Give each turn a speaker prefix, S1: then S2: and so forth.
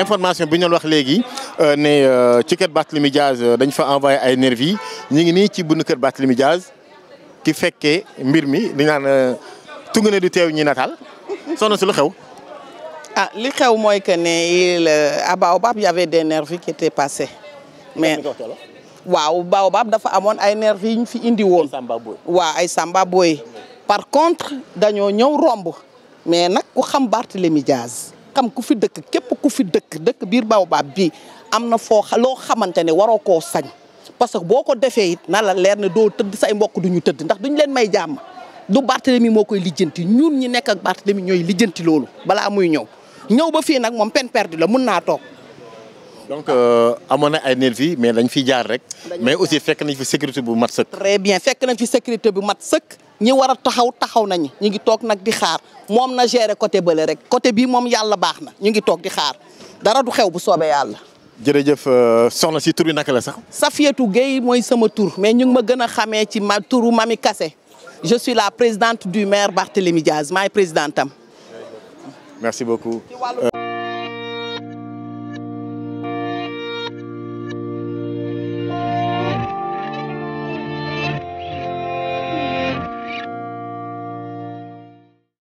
S1: information bi ñu wax léegi euh, ne euh, ci kër Barthélémy Diaz euh, dañ fa envoyé ay nervi ñu ngi ni ci buntu kër Barthélémy Diaz ki fekkee mbir mi di naan tungu du teew ñi nataal soxna si lu xew.
S2: ah li xew mooy que ne il à Baobab y avait des nervis qui mais. waaw Baobab dafa amoon ay nervis yi ñu fi indi woon. waaw ay Samba Boy par contre dañoo ñëw romb mais nag ku xam Barthélémy Diaz. xam ku fi dëkk képp ku fi dëkk dëkk biir Baobab bi am na foo loo xamante ne waroo koo sañ parce que boo ko defee it na la leer ne doo tëdd say mbokk du ñu tëdd ndax duñu leen may jàmm du Barthélemy moo koy lijjanti ñun ñi nekk ak Barthélemy ñooy lijjanti loolu bala amuy ñëw ñëw ba fi nag moom peine perdue la mun naa toog.
S1: donc euh, amoon na ay néel fii mais dañ fi jaar rek. mais aussi fekk nañ fi sécurité bu mat sëkk.
S2: bien fekk nañ fi sécurité bu mat sëkk. ñi war a taxaw taxaw nañu ñu ngi toog nag di xaar moom na gérer côté bale rek côté bii moom yàlla baax na ñu ngi toog di xaar dara du xew bu soobee yàlla.
S1: jërëjëf euh, soxna si tur bi naka la sax.
S2: Safiatou Gueye mooy sama tur mais ñu ngi ma gën a xamee ci ma turu Mami Kassé je suis la présidente du maire Barthélémy Diaz maay présidente am.
S3: merci beaucoup.